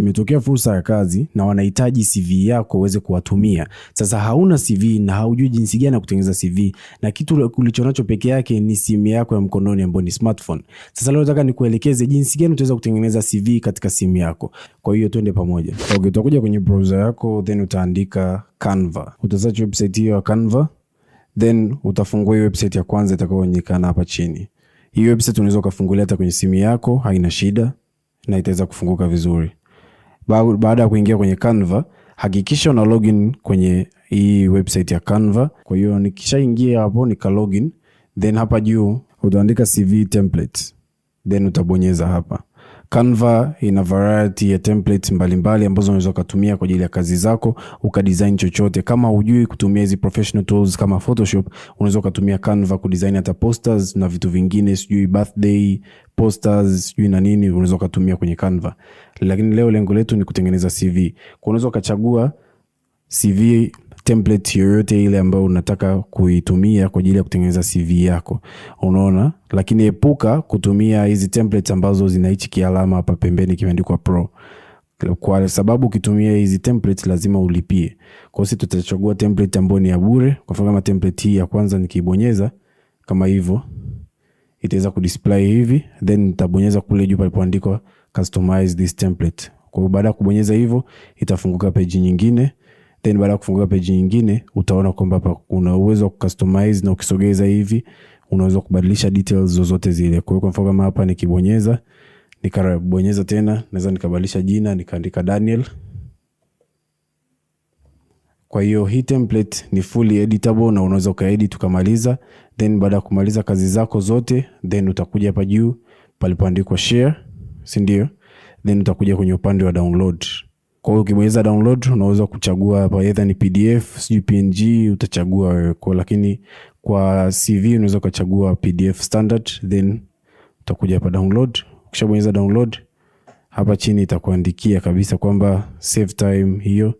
imetokea fursa ya kazi na wanahitaji CV yako uweze kuwatumia. Sasa hauna CV na haujui jinsi gani ya kutengeneza CV na kitu ulichonacho peke yake ni simu yako ya mkononi ambayo ni smartphone. Sasa leo nataka nikuelekeze jinsi gani utaweza kutengeneza CV katika simu yako. Kwa hiyo twende pamoja. Okay, utakuja kwenye browser yako then utaandika Canva. Utasearch website hiyo ya Canva then utafungua hiyo website ya kwanza itakayoonekana hapa chini. Hiyo website unaweza ukafungulia hata kwenye simu yako, haina shida na itaweza kufunguka vizuri baada ya kuingia kwenye Canva, hakikisha una login kwenye hii website ya Canva. Kwa hiyo nikishaingia hapo nika login, then hapa juu utaandika CV template then utabonyeza hapa. Canva ina variety ya templates mbalimbali ambazo unaweza ukatumia kwa ajili ya kazi zako ukadesign chochote. Kama hujui kutumia hizi professional tools kama Photoshop, unaweza ukatumia Canva kudesign hata posters na vitu vingine, sijui birthday posters, sijui na nini, unaweza ukatumia kwenye Canva. Lakini leo lengo letu ni kutengeneza CV. Unaweza ukachagua CV template yoyote ile ambayo unataka kuitumia kwa ajili ya kutengeneza CV yako. Unaona? Lakini epuka kutumia hizi templates ambazo zina hichi kialama hapa pembeni kimeandikwa pro. Kwa sababu ukitumia hizi templates lazima ulipie. Kwa hiyo tutachagua template ambayo ni ya bure. Kwa mfano kama template hii ya kwanza nikibonyeza kama hivyo itaweza kudisplay hivi, then nitabonyeza kule juu palipoandikwa customize this template. Kwa hiyo baada ya kubonyeza hivyo itafunguka peji nyingine then baada ya kufungua page nyingine utaona kwamba hapa kuna uwezo wa kucustomize na ukisogeza hivi unaweza kubadilisha details zozote zile. Kwa hiyo kwa mfano kama hapa nikibonyeza, nikabonyeza tena, naweza nikabadilisha jina nikaandika Daniel. Kwa hiyo hii template ni fully editable na unaweza ukaedit ukamaliza, then baada ya kumaliza kazi zako zote, then utakuja hapa juu palipoandikwa share, si ndio? Then utakuja kwenye upande wa download. Kwa hiyo ukibonyeza download unaweza kuchagua hapa either ni PDF, sijui PNG utachagua wewe. Kwa lakini kwa CV unaweza ukachagua PDF standard then utakuja hapa download. Ukishabonyeza download hapa chini itakuandikia kabisa kwamba save time hiyo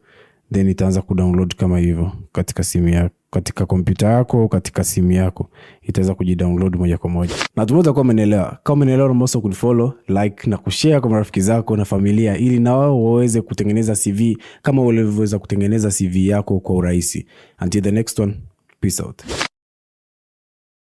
then itaanza kudownload kama hivyo katika simu yako katika kompyuta yako katika simu yako itaweza kujidownload moja kwa moja. na tumeweza kuwa umenielewa. Kama umenielewa, unaweza kunifollow, like na kushare kwa marafiki zako na familia, ili na wao waweze kutengeneza CV kama walivyoweza kutengeneza CV yako kwa urahisi. Until the next one, peace out.